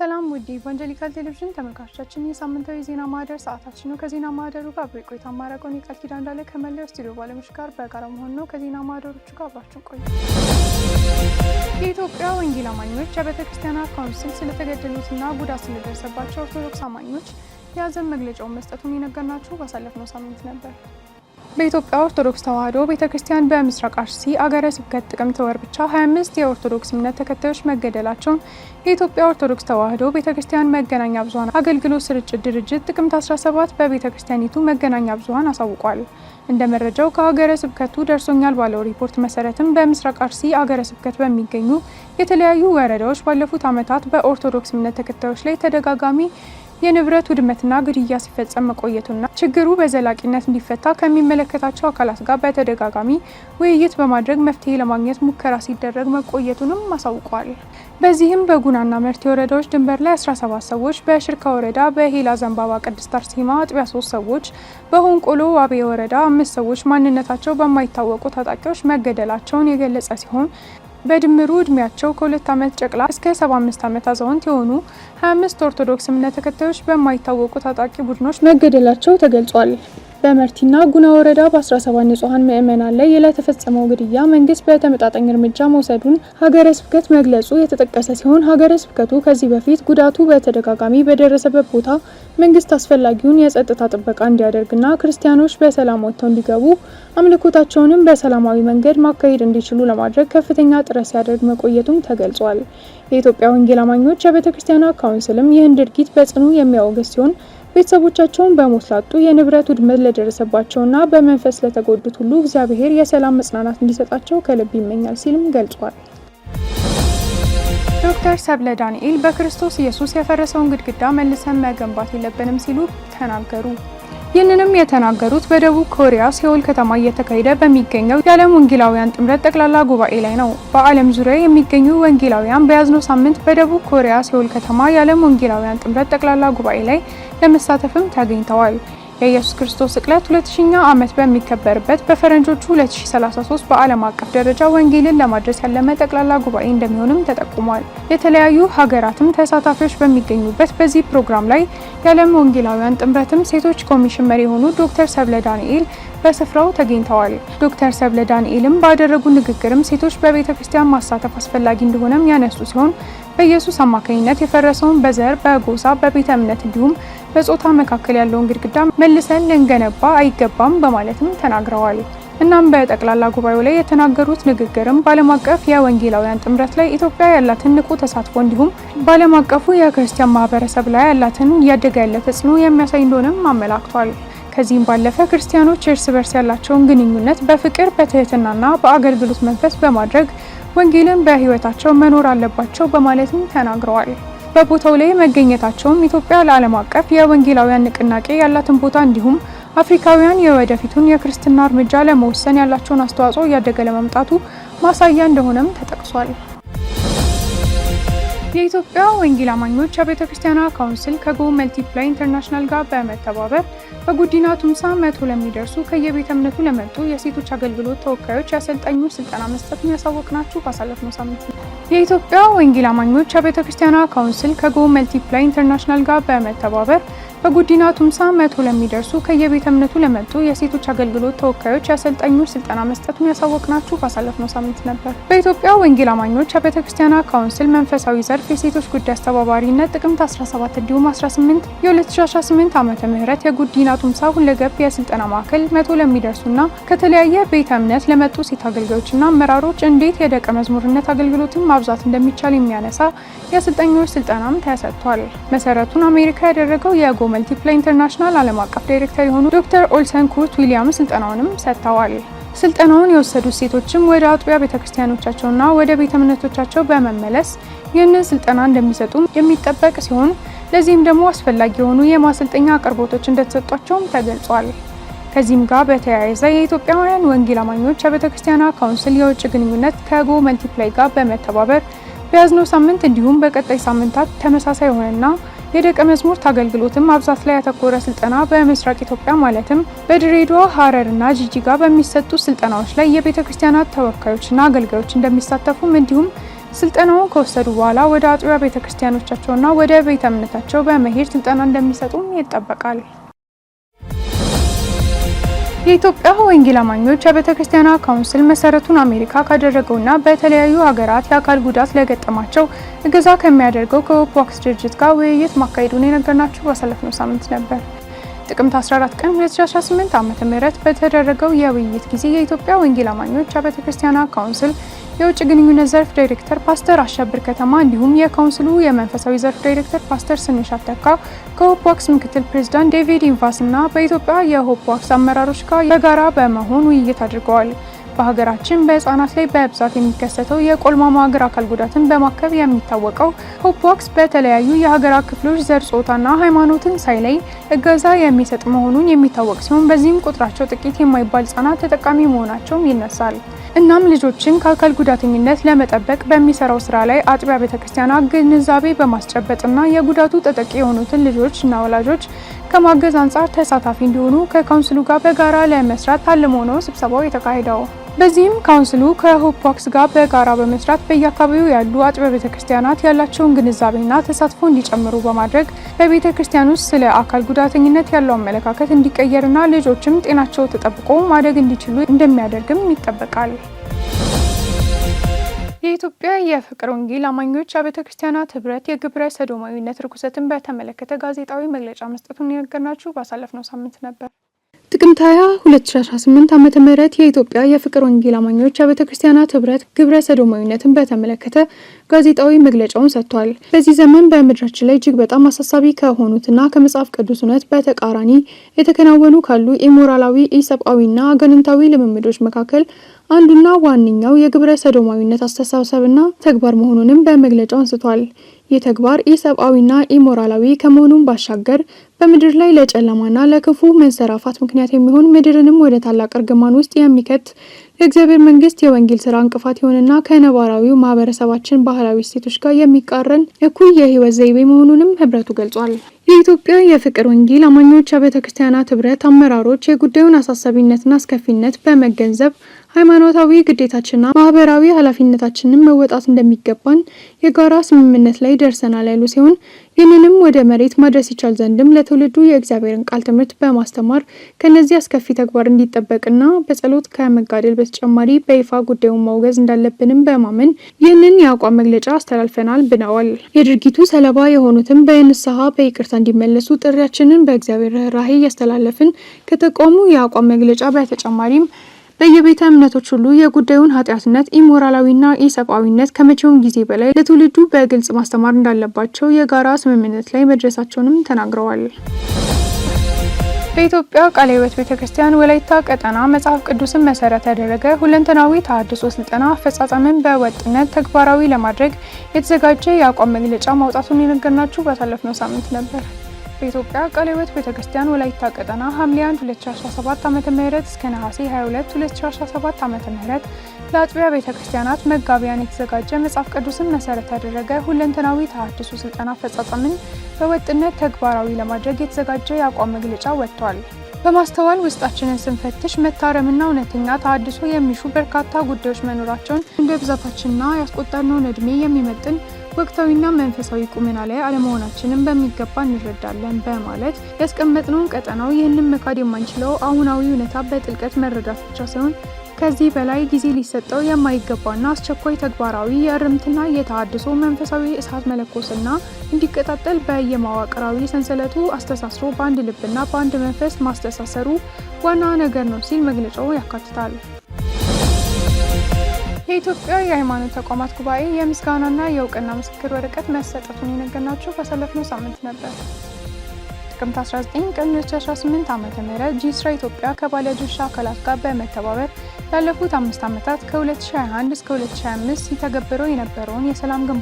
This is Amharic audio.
ሰላም ውድ ኢቫንጀሊካል ቴሌቪዥን ተመልካቾቻችን፣ የሳምንታዊ ዜና ማህደር ሰዓታችን ነው። ከዜና ማህደሩ ጋር አብሬ ቆይታ ማድረገውን የቃል ኪዳን እንዳለ ከመላው ስቱዲዮ ባለሙያዎች ጋር በጋራ መሆን ነው። ከዜና ማህደሮቹ ጋር አብራችሁ ቆዩ። የኢትዮጵያ ወንጌል አማኞች የቤተ ክርስቲያናት ካውንስል ስለተገደሉትና ጉዳት ስለደረሰባቸው ኦርቶዶክስ አማኞች የሀዘን መግለጫውን መስጠቱን የነገርናችሁ ባሳለፍነው ሳምንት ነበር። በኢትዮጵያ ኦርቶዶክስ ተዋሕዶ ቤተ ክርስቲያን በምስራቅ አርሲ አገረ ስብከት ጥቅምት ወር ብቻ 25 የኦርቶዶክስ እምነት ተከታዮች መገደላቸውን የኢትዮጵያ ኦርቶዶክስ ተዋሕዶ ቤተ ክርስቲያን መገናኛ ብዙኃን አገልግሎት ስርጭት ድርጅት ጥቅምት 17 በቤተ ክርስቲያኒቱ መገናኛ ብዙኃን አሳውቋል። እንደ መረጃው ከሀገረ ስብከቱ ደርሶኛል ባለው ሪፖርት መሰረትም በምስራቅ አርሲ አገረ ስብከት በሚገኙ የተለያዩ ወረዳዎች ባለፉት ዓመታት በኦርቶዶክስ እምነት ተከታዮች ላይ ተደጋጋሚ የንብረት ውድመትና ግድያ ሲፈጸም መቆየቱና ችግሩ በዘላቂነት እንዲፈታ ከሚመለከታቸው አካላት ጋር በተደጋጋሚ ውይይት በማድረግ መፍትሄ ለማግኘት ሙከራ ሲደረግ መቆየቱንም አሳውቋል። በዚህም በጉናና መርቲ ወረዳዎች ድንበር ላይ 17 ሰዎች፣ በሽርካ ወረዳ በሄላ ዘንባባ ቅድስት አርሴማ አጥቢያ 3 ሰዎች፣ በሆንቆሎ ዋቤ ወረዳ አምስት ሰዎች ማንነታቸው በማይታወቁ ታጣቂዎች መገደላቸውን የገለጸ ሲሆን በድምሩ እድሜያቸው ከሁለት ዓመት ጨቅላ እስከ 75 ዓመት አዛውንት የሆኑ 25 ኦርቶዶክስ እምነት ተከታዮች በማይታወቁ ታጣቂ ቡድኖች መገደላቸው ተገልጿል። በመርቲና ጉና ወረዳ በ17 ንጹሐን ምዕመናን ላይ ለተፈጸመው ግድያ መንግስት በተመጣጣኝ እርምጃ መውሰዱን ሀገረ ስብከት መግለጹ የተጠቀሰ ሲሆን ሀገረ ስብከቱ ከዚህ በፊት ጉዳቱ በተደጋጋሚ በደረሰበት ቦታ መንግስት አስፈላጊውን የጸጥታ ጥበቃ እንዲያደርግና ክርስቲያኖች በሰላም ወጥተው እንዲገቡ አምልኮታቸውንም በሰላማዊ መንገድ ማካሄድ እንዲችሉ ለማድረግ ከፍተኛ ጥረት ሲያደርግ መቆየቱም ተገልጿል። የኢትዮጵያ ወንጌል አማኞች የቤተክርስቲያኗ ካውንስልም ይህን ድርጊት በጽኑ የሚያወግዝ ሲሆን ቤተሰቦቻቸውን በሞት ላጡ የንብረት ውድመት ለደረሰባቸውና በመንፈስ ለተጎዱት ሁሉ እግዚአብሔር የሰላም መጽናናት እንዲሰጣቸው ከልብ ይመኛል ሲልም ገልጿል። ዶክተር ሰብለ ዳንኤል በክርስቶስ ኢየሱስ የፈረሰውን ግድግዳ መልሰን መገንባት የለብንም ሲሉ ተናገሩ። ይህንንም የተናገሩት በደቡብ ኮሪያ ሴውል ከተማ እየተካሄደ በሚገኘው የዓለም ወንጌላውያን ጥምረት ጠቅላላ ጉባኤ ላይ ነው። በዓለም ዙሪያ የሚገኙ ወንጌላውያን በያዝነው ሳምንት በደቡብ ኮሪያ ሴውል ከተማ የዓለም ወንጌላውያን ጥምረት ጠቅላላ ጉባኤ ላይ ለመሳተፍም ተገኝተዋል። የኢየሱስ ክርስቶስ ስቅለት 2000ኛ ዓመት በሚከበርበት በፈረንጆቹ 2033 በዓለም አቀፍ ደረጃ ወንጌልን ለማድረስ ያለመ ጠቅላላ ጉባኤ እንደሚሆንም ተጠቁሟል። የተለያዩ ሀገራትም ተሳታፊዎች በሚገኙበት በዚህ ፕሮግራም ላይ የዓለም ወንጌላውያን ጥምረትም ሴቶች ኮሚሽን መሪ የሆኑ ዶክተር ሰብለ ዳንኤል በስፍራው ተገኝተዋል። ዶክተር ሰብለ ዳንኤልም ባደረጉ ንግግርም ሴቶች በቤተ ክርስቲያን ማሳተፍ አስፈላጊ እንደሆነም ያነሱ ሲሆን በኢየሱስ አማካኝነት የፈረሰውን በዘር፣ በጎሳ፣ በቤተ እምነት እንዲሁም በጾታ መካከል ያለውን ግድግዳ መልሰን ልንገነባ አይገባም በማለትም ተናግረዋል። እናም በጠቅላላ ጉባኤው ላይ የተናገሩት ንግግርም በዓለም አቀፍ የወንጌላውያን ጥምረት ላይ ኢትዮጵያ ያላትን ንቁ ተሳትፎ እንዲሁም በዓለም አቀፉ የክርስቲያን ማህበረሰብ ላይ ያላትን እያደገ ያለ ተጽዕኖ የሚያሳይ እንደሆነም አመላክቷል። ከዚህም ባለፈ ክርስቲያኖች እርስ በርስ ያላቸውን ግንኙነት በፍቅር በትህትናና በአገልግሎት መንፈስ በማድረግ ወንጌልን በህይወታቸው መኖር አለባቸው በማለትም ተናግረዋል። በቦታው ላይ መገኘታቸውም ኢትዮጵያ ለዓለም አቀፍ የወንጌላውያን ንቅናቄ ያላትን ቦታ እንዲሁም አፍሪካውያን የወደፊቱን የክርስትና እርምጃ ለመወሰን ያላቸውን አስተዋጽኦ እያደገ ለመምጣቱ ማሳያ እንደሆነም ተጠቅሷል። የኢትዮጵያ ወንጌል አማኞች አብያተ ክርስቲያናት ካውንስል ከጎ መልቲፕላይ ኢንተርናሽናል ጋር በመተባበር በጉዲና ቱምሳ መቶ ለሚደርሱ ከየቤተ እምነቱ ለመጡ የሴቶች አገልግሎት ተወካዮች የአሰልጣኞች ስልጠና መስጠቱን ያሳወቅናችሁ ባሳለፍነው ሳምንት ነው። የኢትዮጵያ ወንጌል አማኞች አብያተ ክርስቲያናት ካውንስል ከጎ መልቲፕላይ ኢንተርናሽናል ጋር በመተባበር በጉዲና ቱምሳ መቶ ለሚደርሱ ከየቤተ እምነቱ ለመጡ የሴቶች አገልግሎት ተወካዮች የአሰልጣኞች ስልጠና መስጠቱን ያሳወቅናችሁ ባሳለፍነው ሳምንት ነበር። በኢትዮጵያ ወንጌል አማኞች አብያተ ክርስቲያናት ካውንስል መንፈሳዊ ዘርፍ የሴቶች ጉዳይ አስተባባሪነት ጥቅምት 17 እንዲሁም 18 የ2018 ዓመተ ምህረት የጉዲና ቱምሳ ሁለገብ የስልጠና ማዕከል መቶ ለሚደርሱና ከተለያየ ቤተ እምነት ለመጡ ሴት አገልጋዮችና አመራሮች እንዴት የደቀ መዝሙርነት አገልግሎትን ማብዛት እንደሚቻል የሚያነሳ የአሰልጣኞች ስልጠናም ተሰጥቷል። መሰረቱን አሜሪካ ያደረገው የጎ መልቲፕላይ ኢንተርናሽናል ዓለም አቀፍ ዳይሬክተር የሆኑ ዶክተር ኦልሰን ኩርት ዊሊያም ስልጠናውንም ሰጥተዋል። ስልጠናውን የወሰዱት ሴቶችም ወደ አጥቢያ ቤተክርስቲያኖቻቸውና ወደ ቤተ እምነቶቻቸው በመመለስ ይህንን ስልጠና እንደሚሰጡ የሚጠበቅ ሲሆን ለዚህም ደግሞ አስፈላጊ የሆኑ የማሰልጠኛ አቅርቦቶች እንደተሰጧቸውም ተገልጿል። ከዚህም ጋር በተያያዘ የኢትዮጵያውያን ወንጌል አማኞች የቤተክርስቲያና ካውንስል የውጭ ግንኙነት ከጎ መልቲፕላይ ጋር በመተባበር በያዝነው ሳምንት እንዲሁም በቀጣይ ሳምንታት ተመሳሳይ የሆነና የደቀ መዝሙርት አገልግሎትን ማብዛት ላይ ያተኮረ ስልጠና በምስራቅ ኢትዮጵያ ማለትም በድሬዳዋ፣ ሐረርና ጅጅጋ በሚሰጡ ስልጠናዎች ላይ የቤተ ክርስቲያናት ተወካዮችና አገልጋዮች እንደሚሳተፉም እንዲሁም ስልጠናውን ከወሰዱ በኋላ ወደ አጥቢያ ቤተ ክርስቲያኖቻቸውና ወደ ቤተ እምነታቸው በመሄድ ስልጠና እንደሚሰጡም ይጠበቃል። የኢትዮጵያ ወንጌል አማኞች የቤተ ክርስቲያኗ ካውንስል መሰረቱን አሜሪካ ካደረገውና በተለያዩ ሀገራት የአካል ጉዳት ለገጠማቸው እገዛ ከሚያደርገው ከሆፕ ዋክስ ድርጅት ጋር ውይይት ማካሄዱን የነገርናችሁ ባሳለፍነው ሳምንት ነበር። ጥቅምት 14 ቀን 2018 ም በተደረገው የውይይት ጊዜ የኢትዮጵያ ወንጌል አማኞች የቤተ ክርስቲያኗ ካውንስል የውጭ ግንኙነት ዘርፍ ዳይሬክተር ፓስተር አሸብር ከተማ እንዲሁም የካውንስሉ የመንፈሳዊ ዘርፍ ዳይሬክተር ፓስተር ስንሽ አተካ ከሆፕ ዋክስ ምክትል ፕሬዚዳንት ዴቪድ ኢንቫስ እና በኢትዮጵያ የሆፕ ዋክስ አመራሮች ጋር በጋራ በመሆን ውይይት አድርገዋል። በሀገራችን በህጻናት ላይ በብዛት የሚከሰተው የቆልማማ እግር አካል ጉዳትን በማከብ የሚታወቀው ሆፕ ዋክስ በተለያዩ የሀገራ ክፍሎች ዘር፣ ጾታና ሃይማኖትን ሳይለይ እገዛ የሚሰጥ መሆኑን የሚታወቅ ሲሆን በዚህም ቁጥራቸው ጥቂት የማይባል ህጻናት ተጠቃሚ መሆናቸውም ይነሳል። እናም ልጆችን ከአካል ጉዳተኝነት ለመጠበቅ በሚሰራው ስራ ላይ አጥቢያ ቤተክርስቲያና ግንዛቤ በማስጨበጥና የጉዳቱ ተጠቂ የሆኑትን ልጆች እና ወላጆች ከማገዝ አንጻር ተሳታፊ እንዲሆኑ ከካውንስሉ ጋር በጋራ ለመስራት ታልሞ ነው ስብሰባው የተካሄደው። በዚህም ካውንስሉ ከሆፕ ዋክስ ጋር በጋራ በመስራት በየአካባቢው ያሉ አጥቢያ ቤተ ክርስቲያናት ያላቸውን ግንዛቤና ተሳትፎ እንዲጨምሩ በማድረግ በቤተ ክርስቲያን ውስጥ ስለ አካል ጉዳተኝነት ያለው አመለካከት እንዲቀየርና ልጆችም ጤናቸው ተጠብቆ ማደግ እንዲችሉ እንደሚያደርግም ይጠበቃል። የኢትዮጵያ የፍቅር ወንጌል አማኞች አብያተ ክርስቲያናት ህብረት የግብረ ሰዶማዊነት ርኩሰትን በተመለከተ ጋዜጣዊ መግለጫ መስጠቱን የነገርናችሁ ባሳለፍነው ሳምንት ነበር። ጥቅምት 20 2018 ዓመተ የኢትዮጵያ የፍቅር ወንጌል አማኞች አብያተ ክርስቲያናት ህብረት ግብረ ሰዶማዊነትን በተመለከተ ጋዜጣዊ መግለጫውን ሰጥቷል። በዚህ ዘመን በምድራችን ላይ እጅግ በጣም አሳሳቢ ከሆኑትና ከመጽሐፍ ቅዱስ እውነት በተቃራኒ የተከናወኑ ካሉ ኢሞራላዊ፣ ኢሰብአዊና አገንንታዊ ልምምዶች መካከል አንዱና ዋነኛው የግብረ ሰዶማዊነት አስተሳሰብና ተግባር መሆኑንም በመግለጫው አንስቷል። ይህ ተግባር ኢሰብአዊና ኢሞራላዊ ከመሆኑም ባሻገር በምድር ላይ ለጨለማና ለክፉ መንሰራፋት ምክንያት የሚሆን ምድርንም ወደ ታላቅ እርግማን ውስጥ የሚከት ለእግዚአብሔር መንግስት የወንጌል ስራ እንቅፋት የሆነና ከነባራዊው ማህበረሰባችን ባህላዊ እሴቶች ጋር የሚቃረን እኩይ የህይወት ዘይቤ መሆኑንም ህብረቱ ገልጿል። የኢትዮጵያ የፍቅር ወንጌል አማኞች ቤተ ክርስቲያናት ህብረት አመራሮች የጉዳዩን አሳሳቢነትና አስከፊነት በመገንዘብ ሃይማኖታዊ ግዴታችንና ማህበራዊ ኃላፊነታችንን መወጣት እንደሚገባን የጋራ ስምምነት ላይ ደርሰናል ያሉ ሲሆን ይህንንም ወደ መሬት ማድረስ ይቻል ዘንድም ለትውልዱ የእግዚአብሔርን ቃል ትምህርት በማስተማር ከእነዚህ አስከፊ ተግባር እንዲጠበቅና በጸሎት ከመጋደል በተጨማሪ በይፋ ጉዳዩን ማውገዝ እንዳለብንም በማመን ይህንን የአቋም መግለጫ አስተላልፈናል ብለዋል። የድርጊቱ ሰለባ የሆኑትም በንስሐ በይቅርታ እንዲመለሱ ጥሪያችንን በእግዚአብሔር ርኅራሄ እያስተላለፍን ከተቋሙ የአቋም መግለጫ በተጨማሪም በየቤተ እምነቶች ሁሉ የጉዳዩን ኃጢአትነት፣ ኢሞራላዊና ኢሰብአዊነት ከመቼውም ጊዜ በላይ ለትውልዱ በግልጽ ማስተማር እንዳለባቸው የጋራ ስምምነት ላይ መድረሳቸውንም ተናግረዋል። በኢትዮጵያ ቃለ ሕይወት ቤተ ክርስቲያን ወላይታ ቀጠና መጽሐፍ ቅዱስን መሰረት ያደረገ ሁለንተናዊ ተሐድሶ ስልጠና አፈጻጸምን በወጥነት ተግባራዊ ለማድረግ የተዘጋጀ የአቋም መግለጫ ማውጣቱን የነገርናችሁ ባሳለፍነው ሳምንት ነበር። በኢትዮጵያ ቃለ ሕይወት ቤተ ክርስቲያን ወላይታ ቀጠና ሐምሌ 1 2017 ዓ ም እስከ ነሐሴ 22 2017 ዓ ም ለአጥቢያ ቤተ ክርስቲያናት መጋቢያን የተዘጋጀ መጽሐፍ ቅዱስን መሰረት ያደረገ ሁለንተናዊ ተሃድሶ ስልጠና አፈጻጸምን በወጥነት ተግባራዊ ለማድረግ የተዘጋጀ የአቋም መግለጫ ወጥቷል። በማስተዋል ውስጣችንን ስንፈትሽ መታረምና እውነተኛ ተሃድሶ የሚሹ በርካታ ጉዳዮች መኖራቸውን እንደ ብዛታችንና ያስቆጠርነውን ዕድሜ የሚመጥን ወቅታዊና መንፈሳዊ ቁመና ላይ አለመሆናችንን በሚገባ እንረዳለን በማለት ያስቀመጥነውን ቀጠናው ይህንን መካድ የማንችለው አሁናዊ እውነታ በጥልቀት መረዳት ብቻ ሳይሆን ከዚህ በላይ ጊዜ ሊሰጠው የማይገባና አስቸኳይ ተግባራዊ የእርምትና የተሃድሶ መንፈሳዊ እሳት መለኮስና እንዲቀጣጠል በየመዋቅራዊ ሰንሰለቱ አስተሳስሮ በአንድ ልብና በአንድ መንፈስ ማስተሳሰሩ ዋና ነገር ነው ሲል መግለጫው ያካትታል። የኢትዮጵያ የሃይማኖት ተቋማት ጉባኤ የምስጋናና የእውቅና ምስክር ወረቀት መሰጠቱን የነገርናችሁ ባሳለፍነው ሳምንት ነበር። ጥቅምት 19 ቀን 2018 ም ጂስራ ኢትዮጵያ ከባለ አካላት ጋር በመተባበር ላለፉት አምስት ዓመታት ከ2021 እስከ 2025 ሲተገብረው የነበረውን የሰላም ግንባ